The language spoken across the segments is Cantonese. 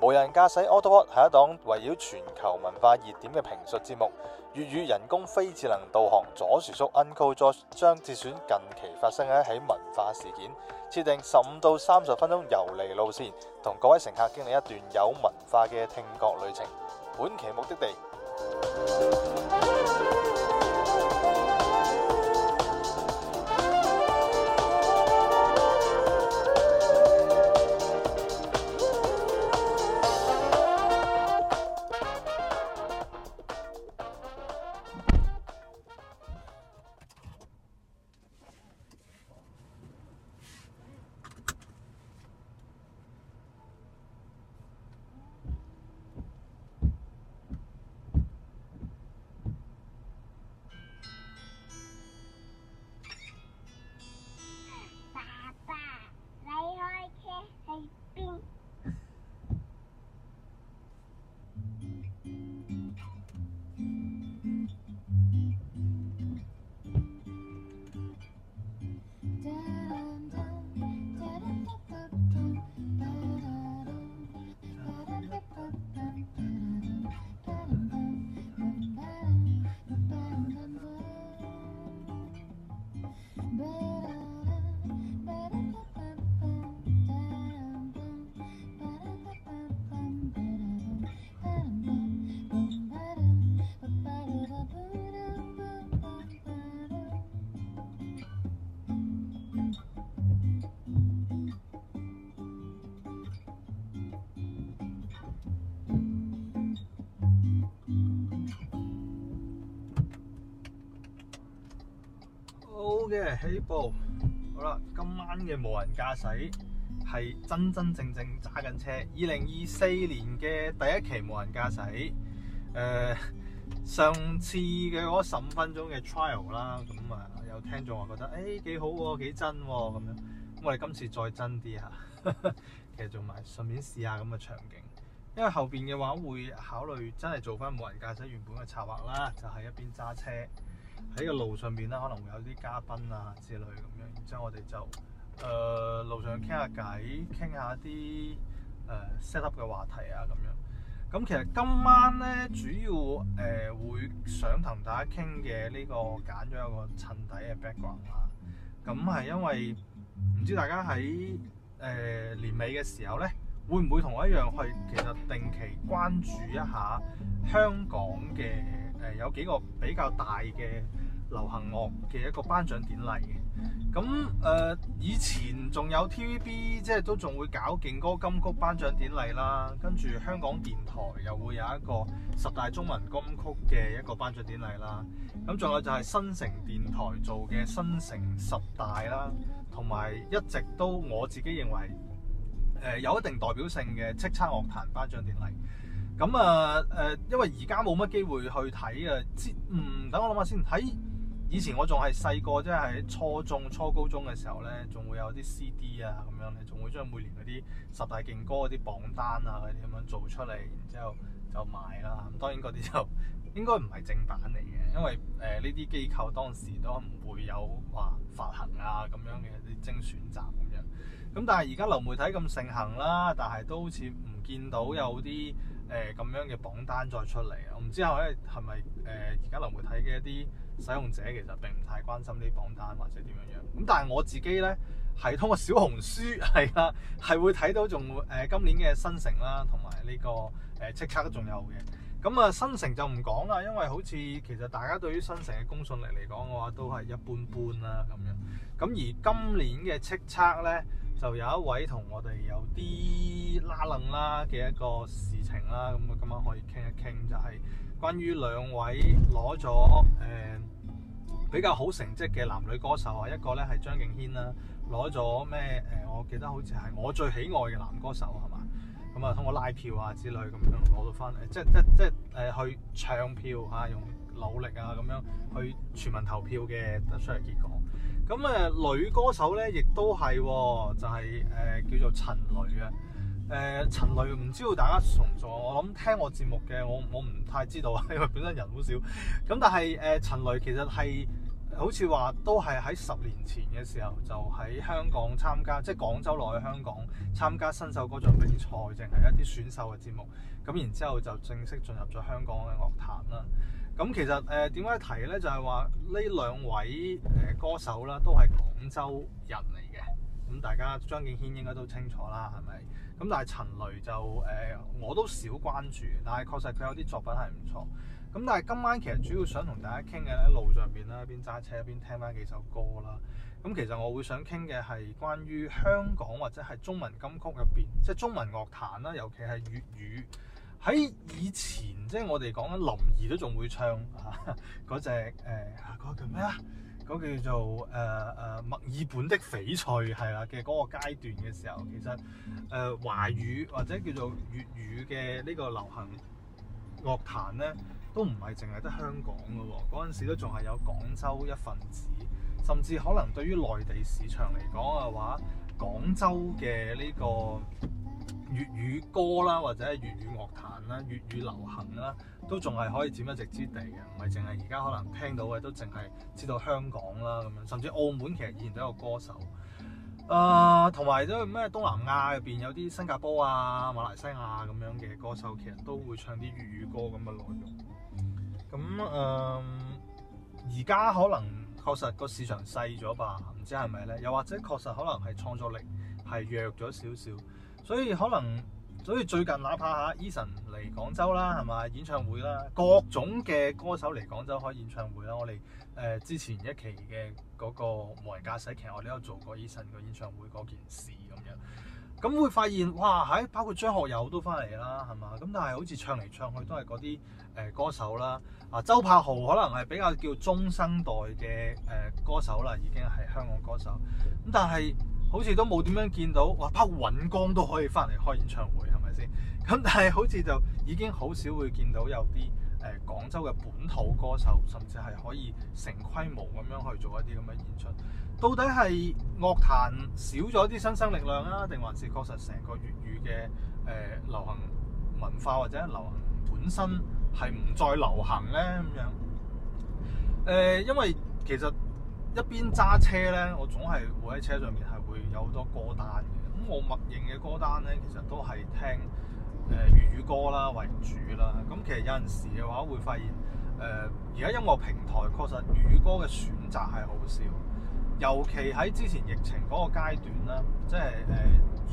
無人駕駛 AutoPod 係一檔圍繞全球文化熱點嘅評述節目。粵語人工非智能導航左薯叔 Uncle Josh 將節選近期發生嘅一起文化事件。設定十五到三十分鐘遊離路線，同各位乘客經歷一段有文化嘅聽覺旅程。本期目的地。即係起步，hey, 好啦，今晚嘅無人駕駛係真真正正揸緊車。二零二四年嘅第一期無人駕駛，誒、呃，上次嘅嗰十五分鐘嘅 trial 啦、啊，咁啊有聽眾話覺得誒幾、欸、好、啊，幾真咁、啊、樣。咁我哋今次再真啲吓，其實做埋順便試下咁嘅場景，因為後邊嘅話會考慮真係做翻無人駕駛原本嘅策劃啦，就係、是、一邊揸車。喺個路上邊啦，可能會有啲嘉賓啊之類咁、呃、樣，然之後我哋就誒路上傾下偈，傾下啲誒 set up 嘅話題啊咁樣。咁其實今晚咧，主要誒、呃、會想同大家傾嘅呢個，揀咗一個襯底嘅 background 啦。咁、啊、係因為唔知大家喺誒、呃、年尾嘅時候咧，會唔會同我一樣去其實定期關注一下香港嘅？誒有幾個比較大嘅流行樂嘅一個頒獎典禮，咁誒、呃、以前仲有 TVB 即係都仲會搞勁歌金曲頒獎典禮啦，跟住香港電台又會有一個十大中文金曲嘅一個頒獎典禮啦，咁仲有就係新城電台做嘅新城十大啦，同埋一直都我自己認為誒、呃、有一定代表性嘅叱咤樂壇頒獎典禮。咁啊，誒、呃，因為而家冇乜機會去睇啊。知嗯，等我諗下先。睇、欸、以前我仲係細個，即、就、係、是、初中、初高中嘅時候咧，仲會有啲 CD 啊咁樣咧，仲會將每年嗰啲十大勁歌嗰啲榜單啊，嗰啲咁樣做出嚟，然之後就賣啦。咁當然嗰啲就應該唔係正版嚟嘅，因為誒呢啲機構當時都唔會有話發行啊咁樣嘅啲精選集咁樣。咁但係而家流媒體咁盛行啦，但係都好似唔見到有啲。誒咁樣嘅榜單再出嚟啊！我唔知後咧係咪誒而家流媒體嘅一啲使用者其實並唔太關心啲榜單或者點樣樣咁，但係我自己咧係通過小紅書係啦，係、啊、會睇到仲誒、呃、今年嘅新城啦，同埋呢個誒叱咤仲有嘅。咁啊，新城就唔講啦，因為好似其實大家對於新城嘅公信力嚟講嘅話都係一般般啦、啊、咁樣。咁而今年嘅叱咤咧～就有一位同我哋有啲拉楞啦嘅一個事情啦，咁我今晚可以傾一傾，就係關於兩位攞咗誒比較好成績嘅男女歌手啊，一個咧係張敬軒啦，攞咗咩誒？我記得好似係我最喜愛嘅男歌手係嘛？咁啊，通過拉票啊之類咁樣攞到翻嚟，即係即即係誒去唱票嚇，用努力啊咁樣去全民投票嘅得出嚟結果。咁誒、呃、女歌手咧，亦都係、哦、就係、是、誒、呃、叫做陳蕾嘅誒，陳蕾唔知道大家熟唔熟？我諗聽我節目嘅，我我唔太知道，因為本身人好少。咁但係誒、呃、陳蕾其實係好似話都係喺十年前嘅時候，就喺香港參加，即係廣州落去香港參加新秀歌唱比賽，淨係一啲選秀嘅節目。咁然之後就正式進入咗香港嘅樂壇啦。咁其實誒點解提咧？就係話呢兩位誒、呃、歌手啦，都係廣州人嚟嘅。咁大家張敬軒應該都清楚啦，係咪？咁但係陳雷就誒、呃、我都少關注，但係確實佢有啲作品係唔錯。咁但係今晚其實主要想同大家傾嘅咧，路上邊啦，一邊揸車一邊聽翻幾首歌啦。咁其實我會想傾嘅係關於香港或者係中文金曲入邊，即係中文樂壇啦，尤其係粵語。喺以前，即、就、係、是、我哋講緊林儀都仲會唱吓嗰隻誒嗰個叫咩？呃、啊，嗰叫做誒誒墨爾本的翡翠係啦，嘅嗰個階段嘅時候，其實誒、呃、華語或者叫做粵語嘅呢個流行樂壇咧，都唔係淨係得香港㗎喎。嗰陣時都仲係有廣州一份子，甚至可能對於內地市場嚟講嘅話，廣州嘅呢、這個。粵語歌啦，或者粵語樂壇啦，粵語流行啦，都仲係可以佔一席之地嘅，唔係淨係而家可能聽到嘅都淨係知道香港啦咁樣，甚至澳門其實以前都有歌手，誒、呃，同埋都咩東南亞入邊有啲新加坡啊、馬來西亞咁樣嘅歌手，其實都會唱啲粵語歌咁嘅內容。咁誒，而、呃、家可能確實個市場細咗吧，唔知係咪呢？又或者確實可能係創作力係弱咗少少。所以可能，所以最近哪怕嚇 Eason 嚟廣州啦，係嘛，演唱會啦，各種嘅歌手嚟廣州開演唱會啦，我哋誒、呃、之前一期嘅嗰個無人駕駛，其實我都有做過 Eason 個演唱會嗰件事咁樣。咁會發現，哇，喺包括張學友都翻嚟啦，係嘛？咁但係好似唱嚟唱去都係嗰啲誒歌手啦。啊，周柏豪可能係比較叫中生代嘅誒歌手啦，已經係香港歌手。咁但係。好似都冇點樣見到，哇！拍尹光都可以翻嚟開演唱會，係咪先？咁但係好似就已經好少會見到有啲誒、呃、廣州嘅本土歌手，甚至係可以成規模咁樣去做一啲咁嘅演出。到底係樂壇少咗啲新生力量啊？定還是確實成個粵語嘅誒、呃、流行文化或者流行本身係唔再流行呢？咁樣誒、呃，因為其實一邊揸車呢，我總係會喺車上面。會有好多歌單嘅，咁我默認嘅歌單咧，其實都係聽誒粵語歌啦為主啦。咁其實有陣時嘅話會發現，誒而家音樂平台確實粵語歌嘅選擇係好少，尤其喺之前疫情嗰個階段啦，即係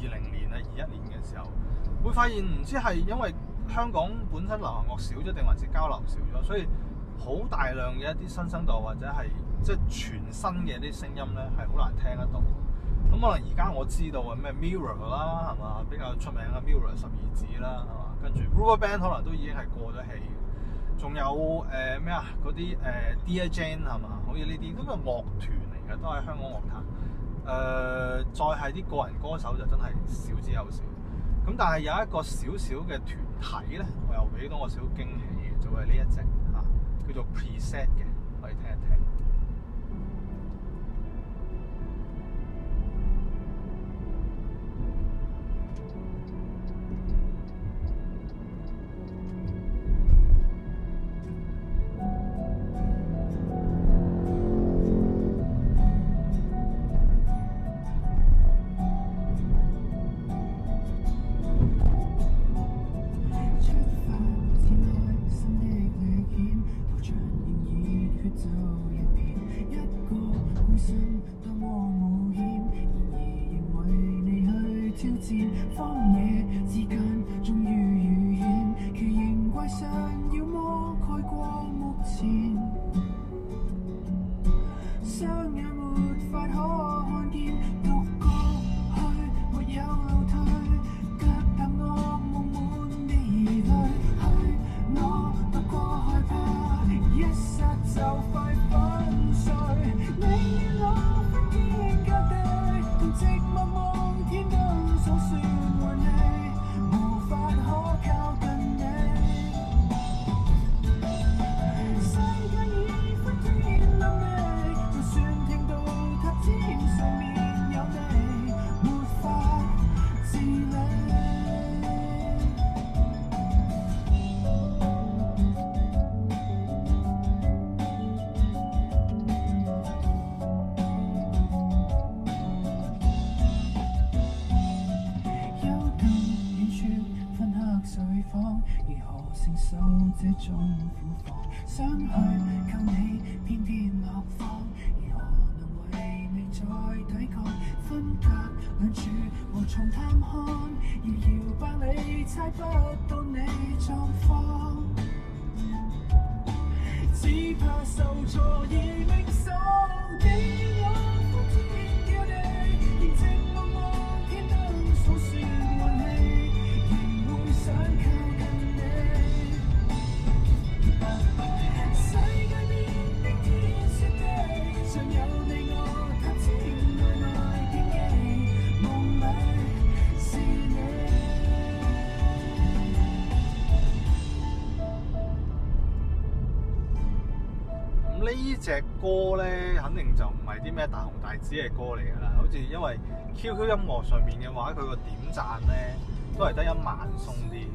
誒二零年啊二一年嘅時候，會發現唔知係因為香港本身流行樂少咗定還是交流少咗，所以好大量嘅一啲新生代或者係即係全新嘅一啲聲音咧，係好難聽得到。咁可能而家我知道啊咩 Mirror 啦，係嘛比較出名嘅 Mirror 十二子啦，係嘛跟住 Rubberband 可能都已經係過咗氣，仲有誒咩啊啲誒 Dear Jane 係嘛，好似呢啲都係樂團嚟嘅，都係香港樂壇誒再係啲個人歌手就真係少之又少。咁但係有一個小小嘅團體咧，我又俾到我少驚喜，就係、是、呢一隻啊，叫做 per se 嘅。隻歌咧，肯定就唔係啲咩大紅大紫嘅歌嚟噶啦，好似因為 QQ 音樂上面嘅話，佢個點讚咧都係得一萬鬆啲。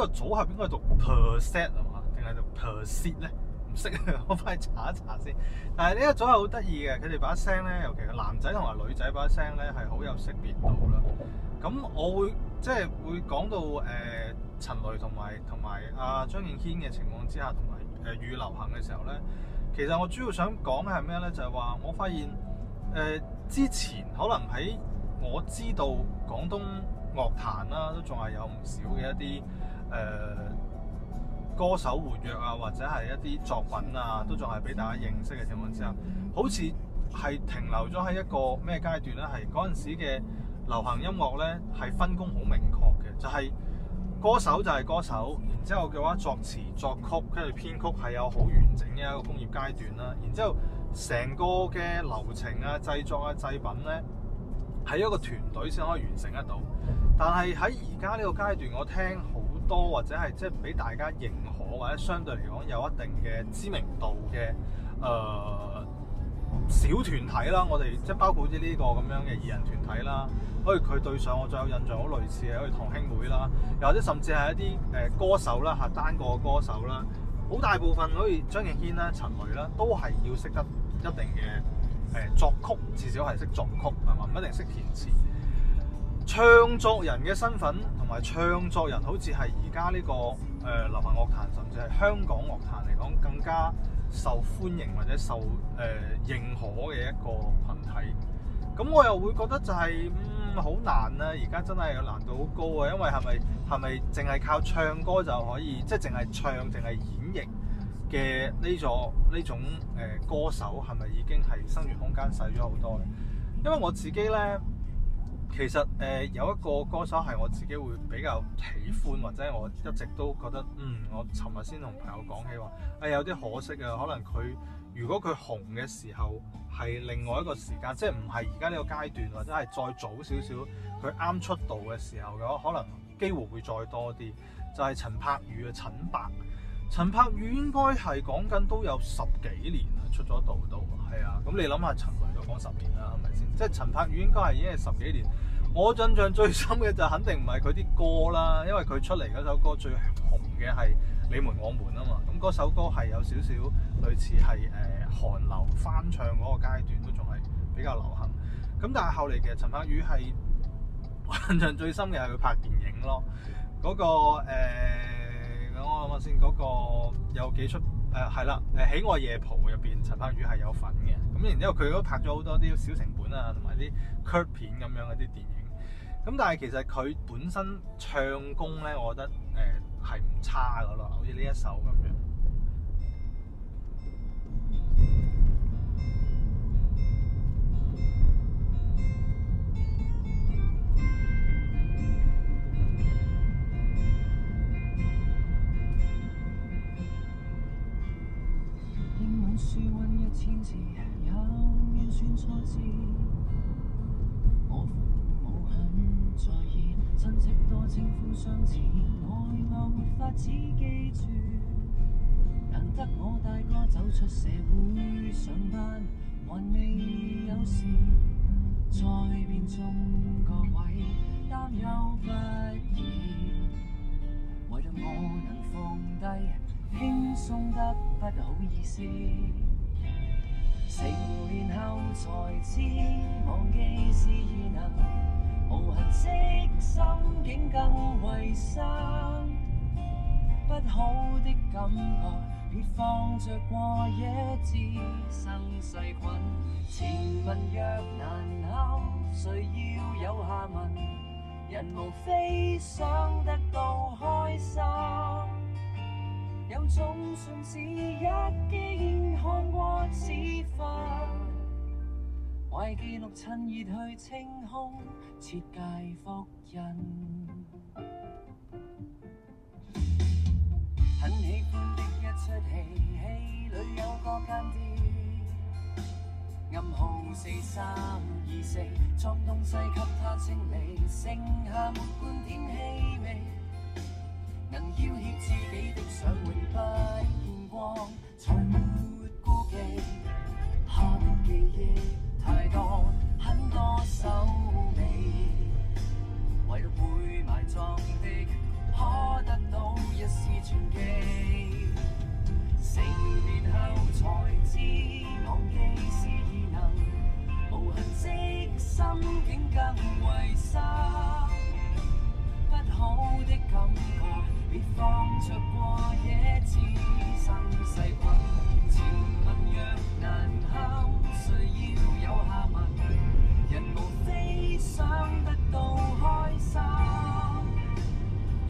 個組合應該讀 per se 啊嘛，定係讀 per se 咧？唔識，我翻去查一查先。但係呢一個組合係好得意嘅，佢哋把聲咧，尤其係男仔同埋女仔把聲咧，係好有識別度啦。咁我會即係會講到誒陳雷同埋同埋阿張敬軒嘅情況之下，同埋誒遇流行嘅時候咧，其實我主要想講係咩咧？就係、是、話我發現誒、呃、之前可能喺我知道廣東樂壇啦，都仲係有唔少嘅一啲。誒、呃，歌手活躍啊，或者係一啲作品啊，都仲係俾大家認識嘅情況之下，好似係停留咗喺一個咩階段咧？係陣時嘅流行音樂咧，係分工好明確嘅，就係、係、歌手就係歌手，然之後嘅話作詞作曲跟住編曲係有好完整嘅一個工業階段啦。然之後成個嘅流程啊，製作啊，製品咧，係一個團隊先可以完成得到。但係喺而家呢個階段，我聽好。多或者係即係俾大家認可或者相對嚟講有一定嘅知名度嘅，誒、呃、小團體啦，我哋即係包括啲呢個咁樣嘅二人團體啦。好似佢對上我最有印象好類似嘅，可以糖兄妹啦，又或者甚至係一啲誒歌手啦，嚇單個歌手啦，好大部分可以張敬軒啦、陳蕾啦，都係要識得一定嘅誒作曲，至少係識作曲係嘛，唔一定識填詞。唱作人嘅身份同埋唱作人好似係而家呢個誒流行樂壇，甚至係香港樂壇嚟講更加受歡迎或者受誒、呃、認可嘅一個群體。咁我又會覺得就係、是、嗯好難啊，而家真係難度好高啊！因為係咪係咪淨係靠唱歌就可以，即係淨係唱淨係演繹嘅呢座呢種誒、呃、歌手，係咪已經係生存空間細咗好多咧？因為我自己咧。其實誒、呃、有一個歌手係我自己會比較喜歡，或者我一直都覺得嗯，我尋日先同朋友講起話，啊、哎、有啲可惜啊，可能佢如果佢紅嘅時候係另外一個時間，即係唔係而家呢個階段，或者係再早少少，佢啱出道嘅時候嘅話，可能機會會再多啲。就係、是、陳柏宇嘅陳柏，陳柏宇應該係講緊都有十幾年。出咗道道，係啊，咁你諗下陳蕾都講十年啦，係咪先？即係陳柏宇應該係已經係十幾年。我印象最深嘅就肯定唔係佢啲歌啦，因為佢出嚟嗰首歌最紅嘅係《你瞞我瞞》啊嘛。咁嗰首歌係有少少類似係誒韓流翻唱嗰個階段都仲係比較流行。咁但係後嚟嘅陳柏宇係我印象最深嘅係佢拍電影咯。嗰、那個誒，等、呃、我諗下先，嗰、那個有幾出？誒，係啦，誒，喜愛夜蒲入邊陳柏宇係有份嘅。咁然之後佢都拍咗好多啲小成本啊，同埋啲 cult 片咁樣嗰啲電影，咁但係其實佢本身唱功咧，我覺得誒係唔差噶咯，好似呢一首咁樣。 書溫一千次，有二算錯字。我父母很在意，親戚多稱呼相似，愛我沒法子記住。難得我大哥走出社會上班，還未有事，再變中各位擔憂不已，為着我能放低。輕鬆得不好意思，成年後才知忘記是異能，無痕跡心境更衛生。不好的感覺別放着過夜，滋生細菌。前問若難堪，誰要有下文？人無非想得到開心。有種信紙，一經看過自焚，毀記錄趁熱去清空，切忌複印。很喜歡的一出戲，戲裏有個間諜，暗號四三二四，裝東西給他清理，剩下沒半點氣味。能要挾自己的想永不見光，從沒顧忌。他的記憶太多，很多手尾，為了會埋葬的，可得到一絲傳奇。成年後才知忘記是異能，無痕迹，心境更衛生。不好的感覺。別放着過夜滋生細菌，前文若難堪，誰要有下文？人無非想得到開心，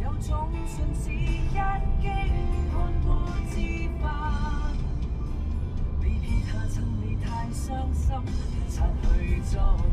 有種信紙一寄看破字畫，偏偏他趁你太傷心擦去妝。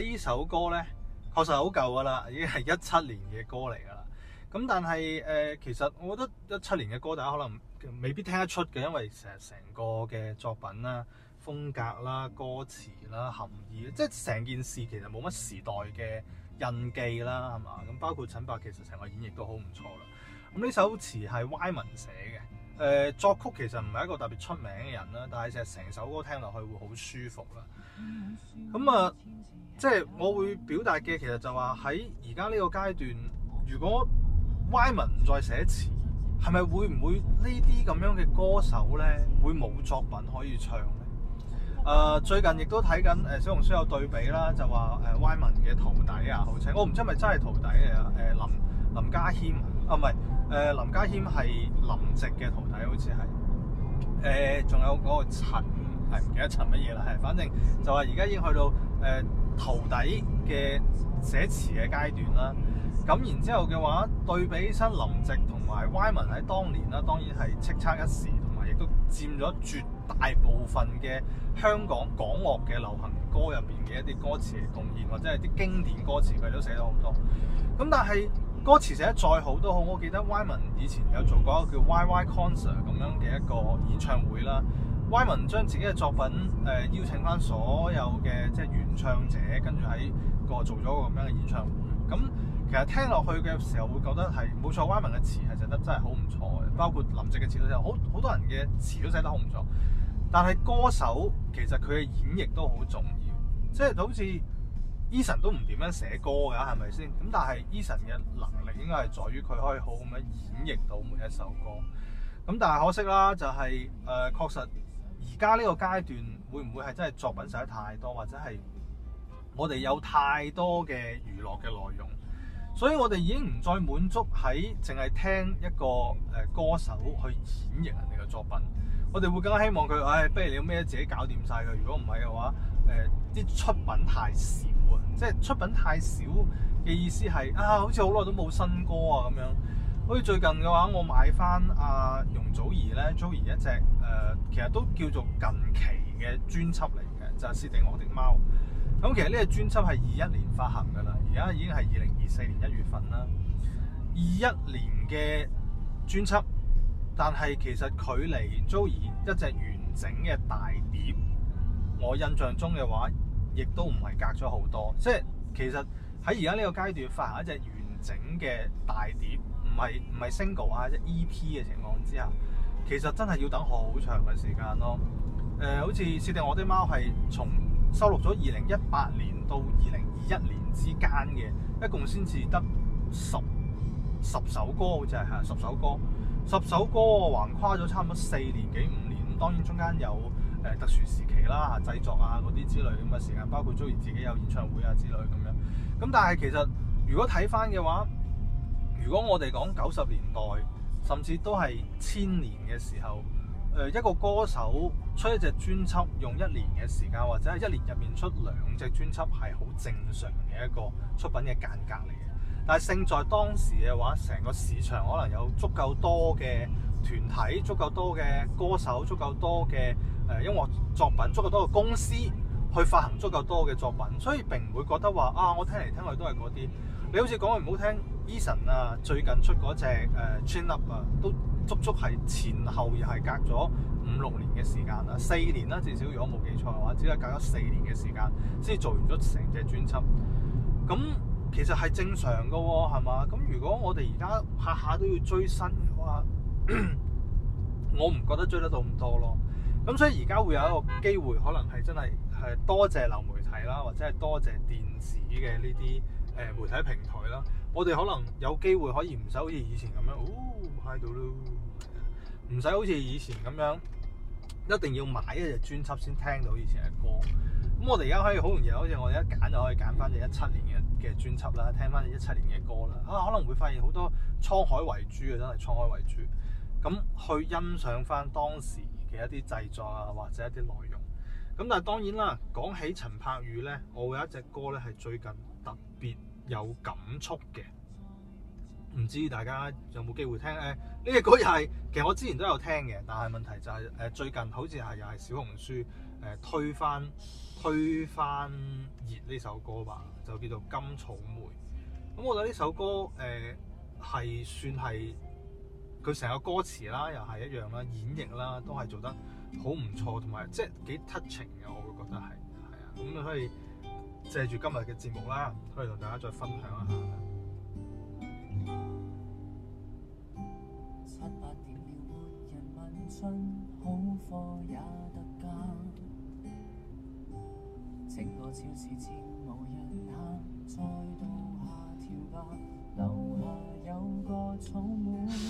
呢首歌咧，確實好舊噶啦，已經係一七年嘅歌嚟噶啦。咁但係誒、呃，其實我覺得一七年嘅歌大家可能未必聽得出嘅，因為成成個嘅作品啦、風格啦、歌詞啦、含義，即係成件事其實冇乜時代嘅印記啦，係嘛？咁包括陳伯，其實成個演繹都好唔錯啦。咁呢首詞係歪文寫嘅。誒作曲其實唔係一個特別出名嘅人啦，但係成成首歌聽落去會好舒服啦。咁啊、嗯，嗯呃、即係我會表達嘅其實就話喺而家呢個階段，如果 Wyman 唔再寫詞，係咪會唔會呢啲咁樣嘅歌手咧會冇作品可以唱咧？誒、呃、最近亦都睇緊誒小紅書有對比啦，就話誒 Wyman 嘅徒弟啊，好似我唔知係咪真係徒弟嚟啊？誒林林家謙啊唔係。誒、呃、林家謙係林夕嘅徒弟，好似係，誒仲有嗰個陳，係唔記得陳乜嘢啦，係反正就話而家已經去到誒、呃、徒弟嘅寫詞嘅階段啦。咁然之後嘅話，對比起身林夕同埋 Y 文喺當年啦，當然係叱咤一時，同埋亦都佔咗絕大部分嘅香港港樂嘅流行歌入邊嘅一啲歌詞嘅貢獻，或者係啲經典歌詞佢都寫咗好多。咁但係歌詞寫得再好都好，我記得 Wyman 以前有做過一個叫 Y Y Concert 咁樣嘅一個演唱會啦。Wyman 將自己嘅作品誒邀請翻所有嘅即係原唱者，跟住喺個做咗個咁樣嘅演唱會。咁其實聽落去嘅時候會覺得係冇錯，Wyman 嘅詞係寫得真係好唔錯嘅，包括林夕嘅詞都寫好，好多人嘅詞都寫得好唔錯。但係歌手其實佢嘅演繹都好重要，即係好似。Eason 都唔點樣寫歌㗎，係咪先咁？但係 Eason 嘅能力應該係在於佢可以好咁樣演繹到每一首歌。咁但係可惜啦，就係、是、誒、呃、確實而家呢個階段會唔會係真係作品寫得太多，或者係我哋有太多嘅娛樂嘅內容，所以我哋已經唔再滿足喺淨係聽一個誒歌手去演繹人哋嘅作品。我哋會更加希望佢誒、哎，不如你咩自己搞掂晒佢。」如果唔係嘅話，誒、呃、啲出品太少。即係出品太少嘅意思係啊，好似好耐都冇新歌啊咁樣。好似最近嘅話，我買翻阿、啊、容祖兒咧，祖兒一隻誒、呃，其實都叫做近期嘅專輯嚟嘅，就係、是《斯定我的貓》。咁、嗯、其實呢個專輯係二一年發行噶啦，而家已經係二零二四年一月份啦。二一年嘅專輯，但係其實距離祖兒一隻完整嘅大碟，我印象中嘅話。亦都唔係隔咗好多，即係其實喺而家呢個階段發行一隻完整嘅大碟，唔係唔係 single 啊，即 EP 嘅情況之下，其實真係要等好長嘅時間咯。誒、呃，好似設定我的貓係從收錄咗二零一八年到二零二一年之間嘅，一共先至得十十首歌，好似係十首歌，十首歌橫跨咗差唔多四年幾五年，當然中間有，特殊時期啦，製作啊嗰啲之類咁嘅時間，包括鍾意自己有演唱會啊之類咁樣。咁但係其實如果睇返嘅話，如果我哋講九十年代，甚至都係千年嘅時候，呃，一個歌手出一隻專輯用一年嘅時間，或者係一年入面出兩隻專輯係好正常嘅一個出品嘅間隔嚟嘅。但係勝在當時嘅話，成個市場可能有足夠多嘅團體，足夠多嘅歌手，足夠多嘅。誒音樂作品，足夠多嘅公司去發行足夠多嘅作品，所以並唔會覺得話啊，我聽嚟聽去都係嗰啲。你好似講句唔好聽，Eason 啊，最近出嗰隻誒《Chin Up》啊，都足足係前後又係隔咗五六年嘅時間啦，四年啦、啊、至少如果冇記錯嘅話，只係隔咗四年嘅時間先做完咗成隻專輯。咁其實係正常㗎喎、哦，係嘛？咁如果我哋而家下下都要追新嘅話， 我唔覺得追得到咁多咯。咁所以而家會有一個機會，可能係真係係多謝流媒體啦，或者係多謝電子嘅呢啲誒媒體平台啦。我哋可能有機會可以唔使好似以前咁樣，哦嗨到咯，唔使好似以前咁樣一定要買一隻專輯先聽到以前嘅歌。咁我哋而家可以好容易，好似我哋一揀就可以揀翻一七年嘅嘅專輯啦，聽翻一七年嘅歌啦。啊，可能會發現好多滄海遺珠啊，真係滄海遺珠。咁去欣賞翻當時嘅一啲製作啊，或者一啲內容，咁但係當然啦，講起陳柏宇呢，我有一隻歌呢係最近特別有感觸嘅，唔知大家有冇機會聽咧？呢隻歌又係其實我之前都有聽嘅，但係問題就係、是、誒、呃、最近好似係又係小紅書誒、呃、推翻推翻熱呢首歌吧，就叫做《金草莓》。咁、嗯、我覺得呢首歌誒係、呃、算係。佢成個歌詞啦，又係一樣啦，演繹啦，都係做得好唔錯，同埋即係幾 touching 嘅，我會覺得係，係啊，咁你可以借住今日嘅節目啦，可以同大家再分享一下。七八點了、啊，無人問津，好也得情歌超市、啊，再下條吧，樓下有個草莓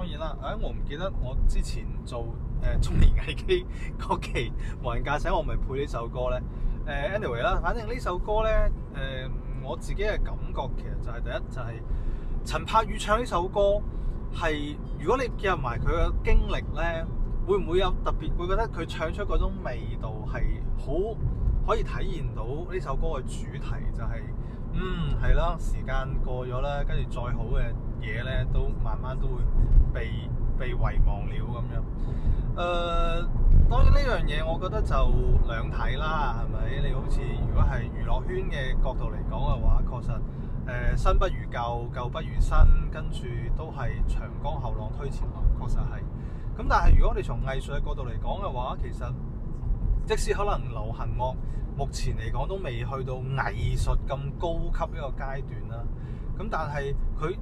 當然啦，誒我唔記得我之前做誒、呃、中年危機嗰期無人駕駛，我咪配呢首歌咧。誒、呃、anyway 啦，反正呢首歌咧，誒、呃、我自己嘅感覺其實就係、是、第一就係、是、陳柏宇唱呢首歌，係如果你記入埋佢嘅經歷咧，會唔會有特別會覺得佢唱出嗰種味道係好可以體現到呢首歌嘅主題？就係、是、嗯係啦，時間過咗啦，跟住再好嘅。嘢咧都慢慢都會被被遺忘了咁樣。誒、呃，當然呢樣嘢，我覺得就兩睇啦，係咪？你好似如果係娛樂圈嘅角度嚟講嘅話，確實誒新、呃、不如舊，舊不如新，跟住都係長江後浪推前浪，確實係。咁但係如果你從藝術嘅角度嚟講嘅話，其實即使可能流行樂目前嚟講都未去到藝術咁高級一個階段啦。咁但係佢。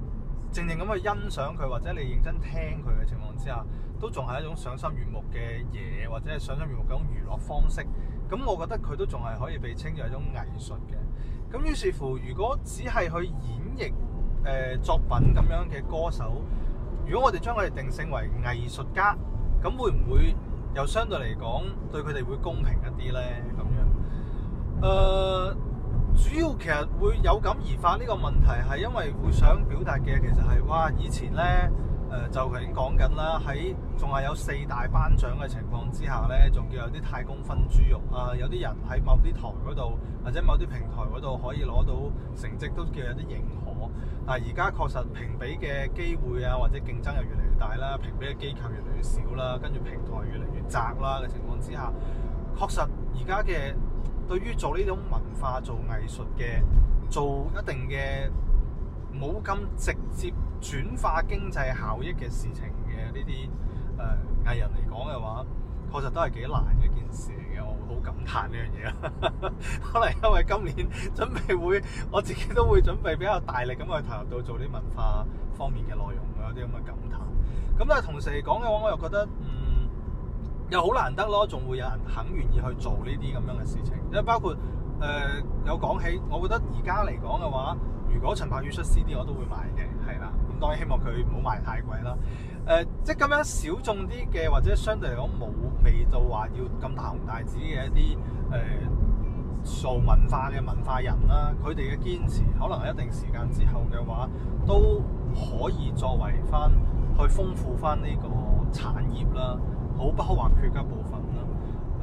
靜靜咁去欣賞佢，或者你認真聽佢嘅情況之下，都仲係一種賞心悅目嘅嘢，或者係賞心悅目嘅一種娛樂方式。咁我覺得佢都仲係可以被稱作係一種藝術嘅。咁於是乎，如果只係去演繹誒作品咁樣嘅歌手，如果我哋將佢哋定性為藝術家，咁會唔會又相對嚟講對佢哋會公平一啲呢？咁樣，誒。主要其實會有感而發呢個問題，係因為會想表達嘅其實係哇，以前呢，誒、呃、就係已經講緊啦，喺仲係有四大頒獎嘅情況之下呢，仲叫有啲太公分豬肉啊，有啲人喺某啲台嗰度或者某啲平台嗰度可以攞到成績，都叫有啲認可。但係而家確實評比嘅機會啊，或者競爭又越嚟越大啦，評比嘅機構越嚟越少啦，跟住平台越嚟越窄啦嘅情況之下，確實而家嘅。對於做呢種文化、做藝術嘅、做一定嘅冇咁直接轉化經濟效益嘅事情嘅呢啲誒藝人嚟講嘅話，確實都係幾難嘅一件事嚟嘅，我好感嘆呢樣嘢啦。 可能因為今年準備會，我自己都會準備比較大力咁去投入到做啲文化方面嘅內容嘅，有啲咁嘅感嘆。咁但係同時嚟講嘅話，我又覺得、嗯又好難得咯，仲會有人肯願意去做呢啲咁樣嘅事情，因為包括誒、呃、有講起，我覺得而家嚟講嘅話，如果陳柏宇出 CD，我都會買嘅，係啦。當然希望佢唔好賣太貴啦。誒、呃，即係咁樣小眾啲嘅，或者相對嚟講冇味道話要咁大紅大紫嘅一啲誒做文化嘅文化人啦，佢哋嘅堅持，可能係一定時間之後嘅話，都可以作為翻去豐富翻呢個產業啦。好不可或缺嘅部分啦，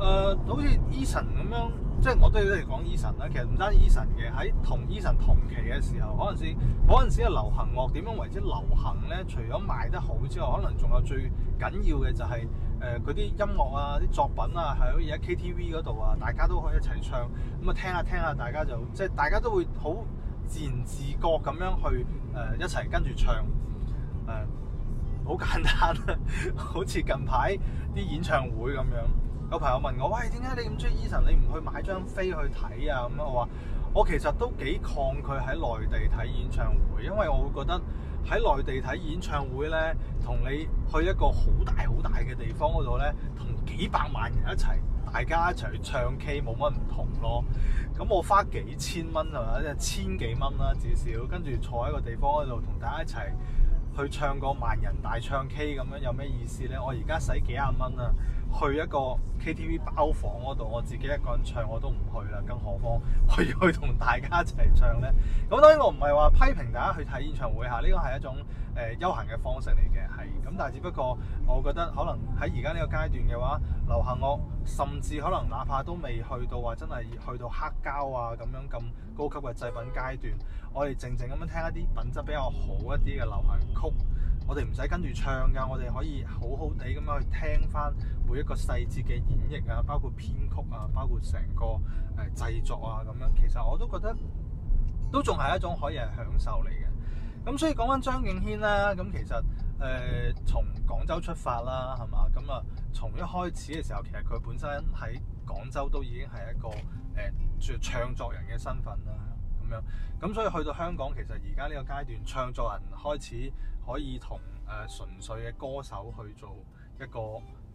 誒、呃，好似 Eason 咁樣，即係我都係講 Eason 啦。其實唔單止 Eason 嘅，喺同 Eason 同期嘅時候，嗰陣、那個、時，嗰陣時嘅流行樂點樣為之流行咧？除咗賣得好之外，可能仲有最緊要嘅就係誒啲音樂啊、啲作品啊，係好似而家 KTV 嗰度啊，大家都可以一齊唱，咁、嗯、啊聽下聽下，大家就即係大家都會好自然自覺咁樣去誒、呃、一齊跟住唱誒。呃好簡單啊， 好似近排啲演唱會咁樣。有朋友問我：喂，點解你咁中意 Eason？你唔去買張飛去睇啊？咁樣，嗯，我話：我其實都幾抗拒喺內地睇演唱會，因為我會覺得喺內地睇演唱會咧，同你去一個好大好大嘅地方嗰度咧，同幾百萬人一齊，大家一齊去唱 K 冇乜唔同咯。咁我花幾千蚊，係咪？即千幾蚊啦，至少。跟住坐喺個地方嗰度，同大家一齊。去唱個萬人大唱 K 咁樣有咩意思呢？我而家使幾十蚊啊，去一個 KTV 包房嗰度，我自己一個人唱我都唔去啦，更何況我要去同大家一齊唱呢？咁當然我唔係話批評大家去睇演唱會嚇，呢個係一種誒、呃、休閒嘅方式嚟嘅，係。咁但係只不過我覺得可能喺而家呢個階段嘅話，流行樂甚至可能哪怕都未去到話真係去到黑膠啊咁樣咁高級嘅製品階段。我哋靜靜咁樣聽一啲品質比較好一啲嘅流行曲，我哋唔使跟住唱㗎，我哋可以好好地咁樣去聽返每一個細節嘅演繹啊，包括編曲啊，包括成個誒製作啊咁樣。其實我都覺得都仲係一種可以係享受嚟嘅。咁所以講返張敬軒啦，咁其實誒從廣州出發啦，係嘛？咁啊，從一開始嘅時候，其實佢本身喺廣州都已經係一個誒唱作人嘅身份啦。咁所以去到香港，其實而家呢個階段，唱作人開始可以同誒、呃、純粹嘅歌手去做一個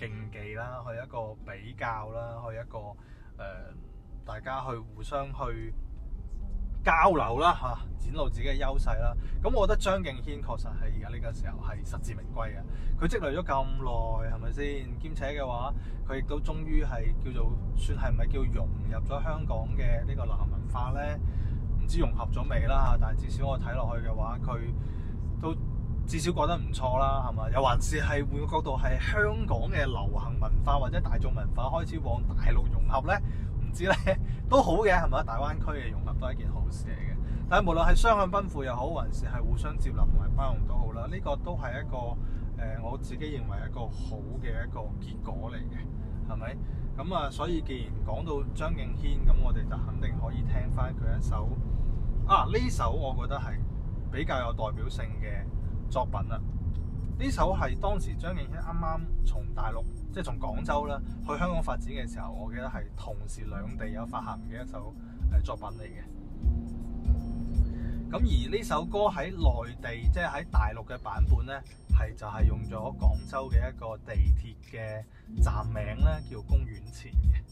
競技啦，去一個比較啦，去一個誒、呃、大家去互相去交流啦，吓、啊，展露自己嘅優勢啦。咁我覺得張敬軒確實喺而家呢個時候係實至名歸嘅。佢積累咗咁耐，係咪先？兼且嘅話，佢亦都終於係叫做算係咪叫融入咗香港嘅呢個流行文化呢？唔知融合咗未啦？但係至少我睇落去嘅話，佢都至少覺得唔錯啦，係嘛？又還是係換個角度，係香港嘅流行文化或者大眾文化開始往大陸融合咧，唔知咧都好嘅，係嘛？大灣區嘅融合都係一件好事嚟嘅。但係無論係雙向奔赴又好，還是係互相接納同埋包容都好啦，呢、這個都係一個誒、呃，我自己認為一個好嘅一個結果嚟嘅。係咪？咁啊，所以既然講到張敬軒，咁我哋就肯定可以聽翻佢一首啊呢首，我覺得係比較有代表性嘅作品啦。呢首係當時張敬軒啱啱從大陸，即係從廣州啦，去香港發展嘅時候，我記得係同時兩地有發行嘅一首誒作品嚟嘅。咁而呢首歌喺內地，即係喺大陸嘅版本呢，係就係用咗廣州嘅一個地鐵嘅站名，呢叫公園前嘅。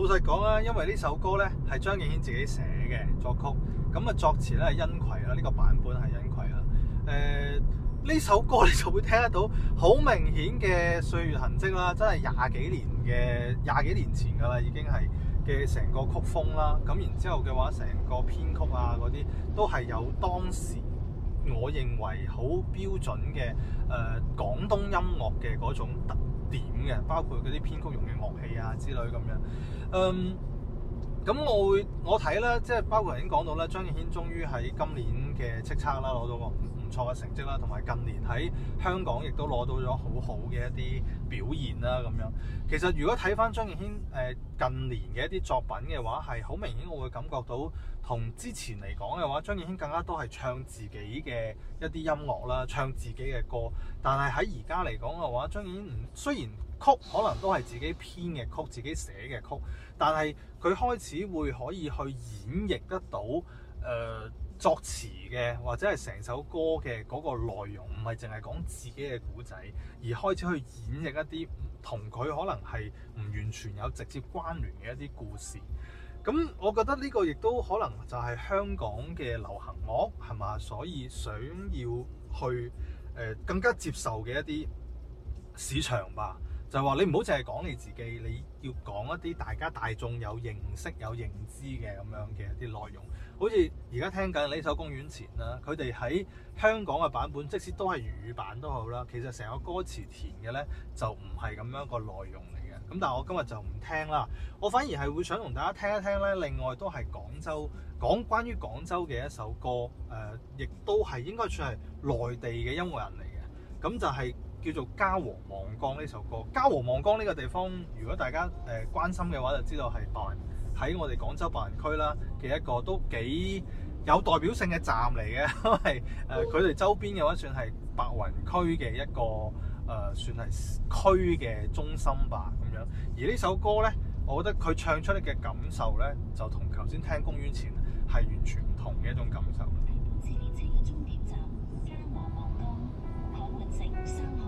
老實講啊，因為呢首歌呢，係張敬軒自己寫嘅作曲，咁啊作詞呢，係因葵啦，呢個版本係因葵啦。誒、呃，呢首歌你就會聽得到好明顯嘅歲月痕跡啦，真係廿幾年嘅廿幾年前噶啦，已經係嘅成個曲風啦。咁然之後嘅話，成個編曲啊嗰啲都係有當時我認為好標準嘅誒、呃、廣東音樂嘅嗰種特點嘅，包括嗰啲編曲用嘅樂器啊之類咁樣。嗯，咁、um, 我會我睇咧，即係包括已經講到咧，張敬軒終於喺今年嘅叱咤啦，攞到個唔錯嘅成績啦，同埋近年喺香港亦都攞到咗好好嘅一啲表現啦咁樣。其實如果睇翻張敬軒誒、呃、近年嘅一啲作品嘅話，係好明顯我會感覺到同之前嚟講嘅話，張敬軒更加多係唱自己嘅一啲音樂啦，唱自己嘅歌。但係喺而家嚟講嘅話，張敬軒唔雖然曲可能都係自己編嘅曲，自己寫嘅曲，但係佢開始會可以去演繹得到，誒、呃、作詞嘅或者係成首歌嘅嗰個內容，唔係淨係講自己嘅故仔，而開始去演繹一啲同佢可能係唔完全有直接關聯嘅一啲故事。咁我覺得呢個亦都可能就係香港嘅流行樂係嘛，所以想要去誒、呃、更加接受嘅一啲市場吧。就係話你唔好淨係講你自己，你要講一啲大家大眾有認識、有認知嘅咁樣嘅一啲內容。好似而家聽緊呢首《公園前》啦，佢哋喺香港嘅版本，即使都係粵語版都好啦，其實成個歌詞填嘅呢，就唔係咁樣一個內容嚟嘅。咁但係我今日就唔聽啦，我反而係會想同大家聽一聽呢。另外都係廣州講關於廣州嘅一首歌，誒、呃、亦都係應該算係內地嘅音樂人嚟嘅，咁就係。叫做《嘉禾望崗》呢首歌，《嘉禾望崗》呢、這個地方，如果大家誒、呃、關心嘅話，就知道係白雲，喺我哋廣州白雲區啦嘅一個都幾有代表性嘅站嚟嘅因為誒佢哋周邊嘅話算係白雲區嘅一個誒、呃、算係區嘅中心吧，咁樣。而呢首歌咧，我覺得佢唱出嚟嘅感受咧，就同頭先聽公園前係完全唔同嘅一種感受。嗯嗯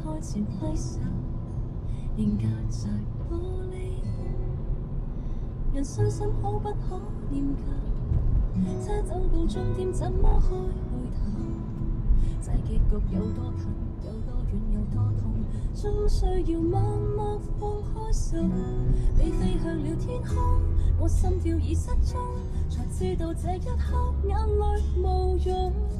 離開前揮手，仍隔著玻璃。人傷心可不可念舊？車走到終點，怎麼開回頭？猜結局有多近，有多遠，有多痛，終需要默默放開手。你飛向了天空，我心跳已失蹤，才知道這一刻眼淚無用。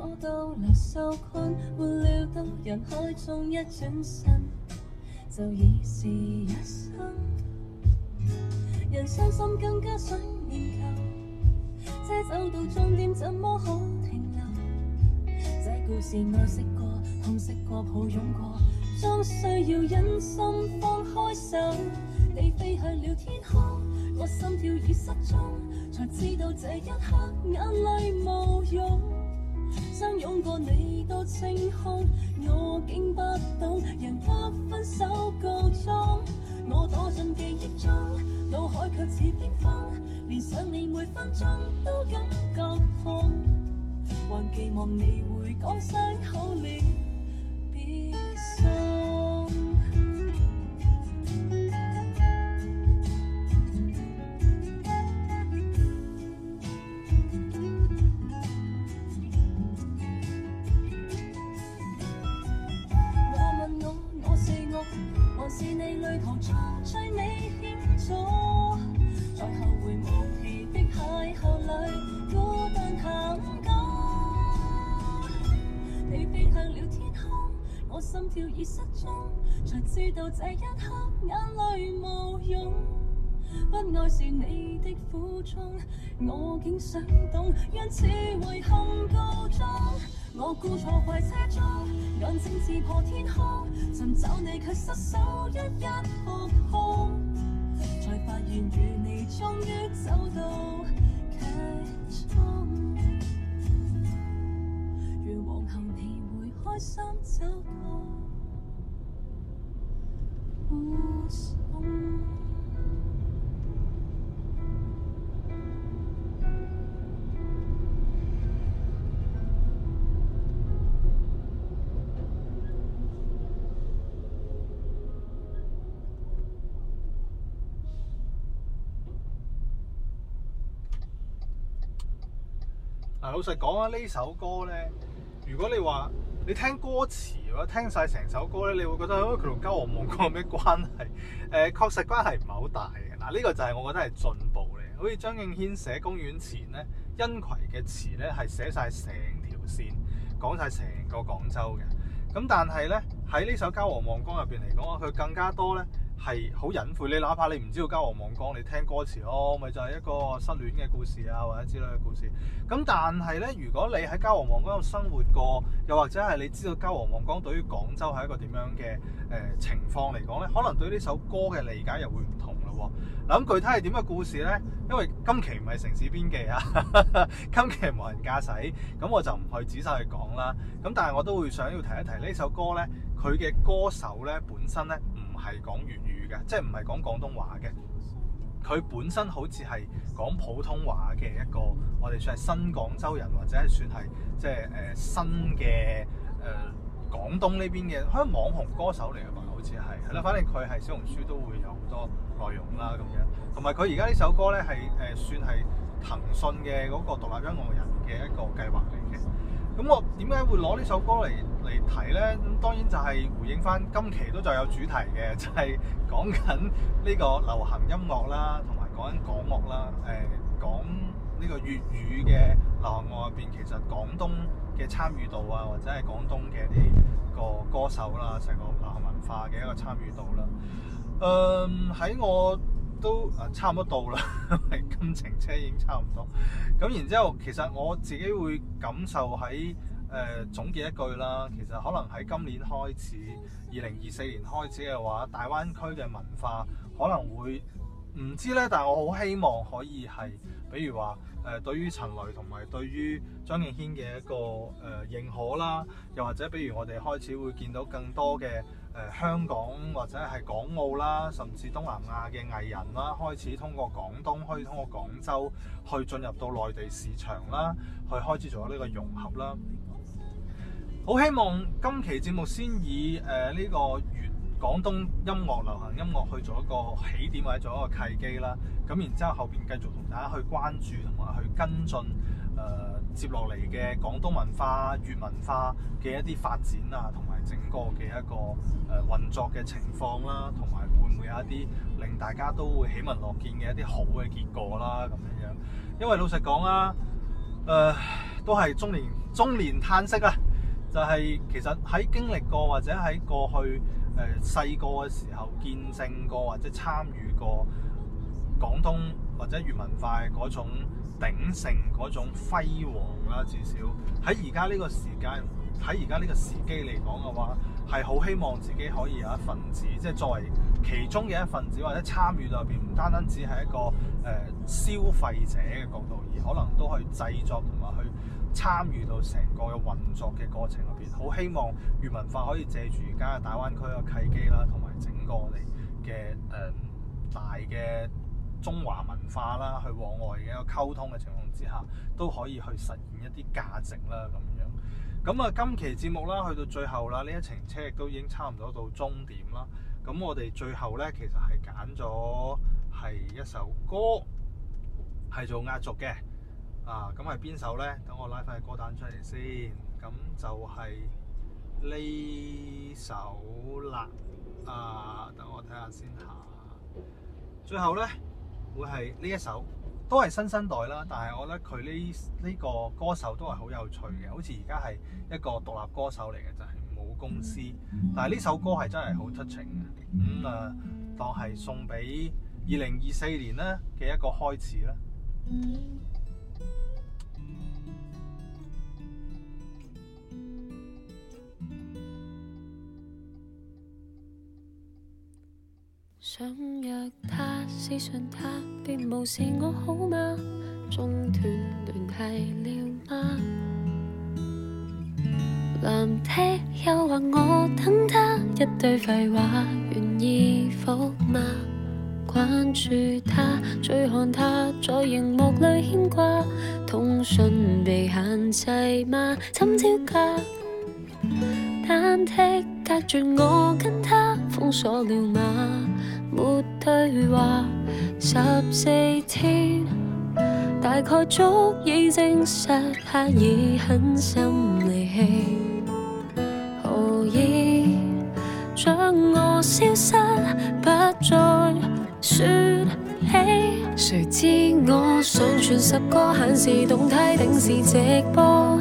我逗留受困，沒料到人海中一轉身，就已是一生。人傷心更加想念舊，車走到終點怎麼可停留？這、就是、故事愛惜過，痛惜過，抱擁過，終需要忍心放開手。你飛去了天空，我心跳已失蹤，才知道這一刻眼淚無用。相擁過你都清空，我竟不懂，贏得分手告終。我躲進記憶中，腦海卻似冰封，連想你每分鐘都感覺痛，還寄望你會講出口令。到這一刻，眼淚無用。不愛是你的苦衷，我竟想懂，因此遺憾告終。我估坐快車中，眼睛刺破天空，尋找你卻失手一一撲空。才發現與你終於走到劇終。如往後你會開心找到。嗱，老實講啊，呢首歌咧，如果你話，你聽歌詞或者聽晒成首歌咧，你會覺得佢同《嘉禾望崗》有咩關係？誒、呃，確實關係唔係好大嘅。嗱，呢個就係我覺得係進步嚟。好似張敬軒寫《公園前》咧，因葵嘅詞咧係寫晒成條線，講晒成個廣州嘅。咁但係咧，喺呢首《嘉禾望崗》入邊嚟講佢更加多咧。係好隱晦，你哪怕你唔知道嘉禾望崗，你聽歌詞咯，咪、哦、就係一個失戀嘅故事啊，或者之類嘅故事。咁但係呢，如果你喺嘉禾望崗度生活過，又或者係你知道嘉禾望崗對於廣州係一個點樣嘅誒、呃、情況嚟講呢，可能對呢首歌嘅理解又會唔同咯。嗱、啊，咁具體係點嘅故事呢？因為今期唔係城市邊記啊， 今期係無人駕駛，咁我就唔去仔細去講啦。咁但係我都會想要提一提呢首歌呢，佢嘅歌手呢本身呢。係講粵語嘅，即係唔係講廣東話嘅。佢本身好似係講普通話嘅一個，我哋算係新廣州人或者係算係即係誒新嘅誒廣東呢邊嘅，香港網紅歌手嚟嘅吧？好似係係啦，反正佢係小紅書都會有好多內容啦，咁樣同埋佢而家呢首歌咧係誒算係騰訊嘅嗰個獨立音樂人嘅一個計劃嚟。咁我點解會攞呢首歌嚟，嚟提呢？咁當然就係回應翻今期都就有主題嘅，就係、是、講緊呢個流行音樂啦，同埋講緊港樂啦。誒，講呢個粵語嘅流行樂入邊，其實廣東嘅參與度啊，或者係廣東嘅啲個歌手啦，成、就是、個流行文化嘅一個參與度啦。誒、嗯，喺我都差唔多到啦，因為金程車已經差唔多。咁然之後，其實我自己會感受喺誒、呃、總結一句啦。其實可能喺今年開始，二零二四年開始嘅話，大灣區嘅文化可能會唔知呢。但我好希望可以係，比如話誒、呃，對於陳雷同埋對於張敬軒嘅一個誒、呃、認可啦。又或者，比如我哋開始會見到更多嘅。誒、呃、香港或者係港澳啦，甚至東南亞嘅藝人啦，開始通過廣東可以通過廣州去進入到內地市場啦，去開始做呢個融合啦。好希望今期節目先以誒呢、呃這個粵廣東音樂流行音樂去做一個起點或者做一個契機啦。咁、啊、然之後後邊繼續同大家去關注同埋去跟進誒、呃、接落嚟嘅廣東文化、粵文化嘅一啲發展啊。整個嘅一個誒運作嘅情況啦，同埋會唔會有一啲令大家都會喜聞樂見嘅一啲好嘅結果啦咁樣樣。因為老實講啦，誒、呃、都係中年中年嘆息啊，就係、是、其實喺經歷過或者喺過去誒細個嘅時候見證過或者參與過廣東或者粵文化嗰種鼎盛嗰種輝煌啦、啊，至少喺而家呢個時間。喺而家呢個時機嚟講嘅話，係好希望自己可以有一份子，即係作為其中嘅一份子，或者參與到入邊，唔單單只係一個誒、呃、消費者嘅角度，而可能都可以去製作同埋去參與到成個運作嘅過程入邊。好希望粵文化可以借住而家嘅大灣區嘅契機啦，同埋整個我哋嘅誒大嘅中華文化啦，去往外嘅一個溝通嘅情況之下，都可以去實現一啲價值啦，咁樣。咁啊，今期節目啦，去到最後啦，呢一程車亦都已經差唔多到終點啦。咁我哋最後呢，其實係揀咗係一首歌，係做壓軸嘅。啊，咁係邊首呢？等我拉翻個歌單出嚟先。咁就係呢首啦。啊，等我睇下先吓。最後呢，會係呢一首。都係新生代啦，但係我覺得佢呢呢個歌手都係好有趣嘅，好似而家係一個獨立歌手嚟嘅，就係、是、冇公司。但係呢首歌係真係好出情嘅，咁、嗯、啊當係送俾二零二四年咧嘅一個開始啦。嗯想約他，私信他，別無視我好嗎？中斷聯繫了嗎？藍剔誘惑我等他，一堆廢話願意服嗎？關注他，追看他，在熒幕裏牽掛，通訊被限制嗎？怎招架？單剔隔絕我跟他，封鎖了嗎？沒對話十四天，大概足以證實他已狠心離棄。何以將我消失，不再説起。誰知我上傳十個限時動態，定時直播。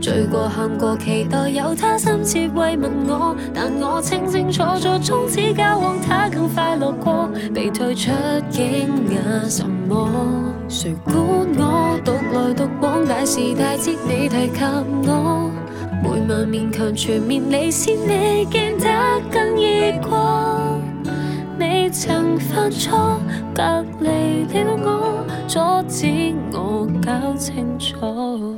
醉過、喊過，期待有他深切慰問我，但我清清楚楚，從此交往他更快樂過，被退出驚訝、啊、什麼？誰管我獨來獨往，大時大節你提及我，每晚勉強全面離線，你見得更易過。未曾犯錯，隔離了我，阻止我搞清楚。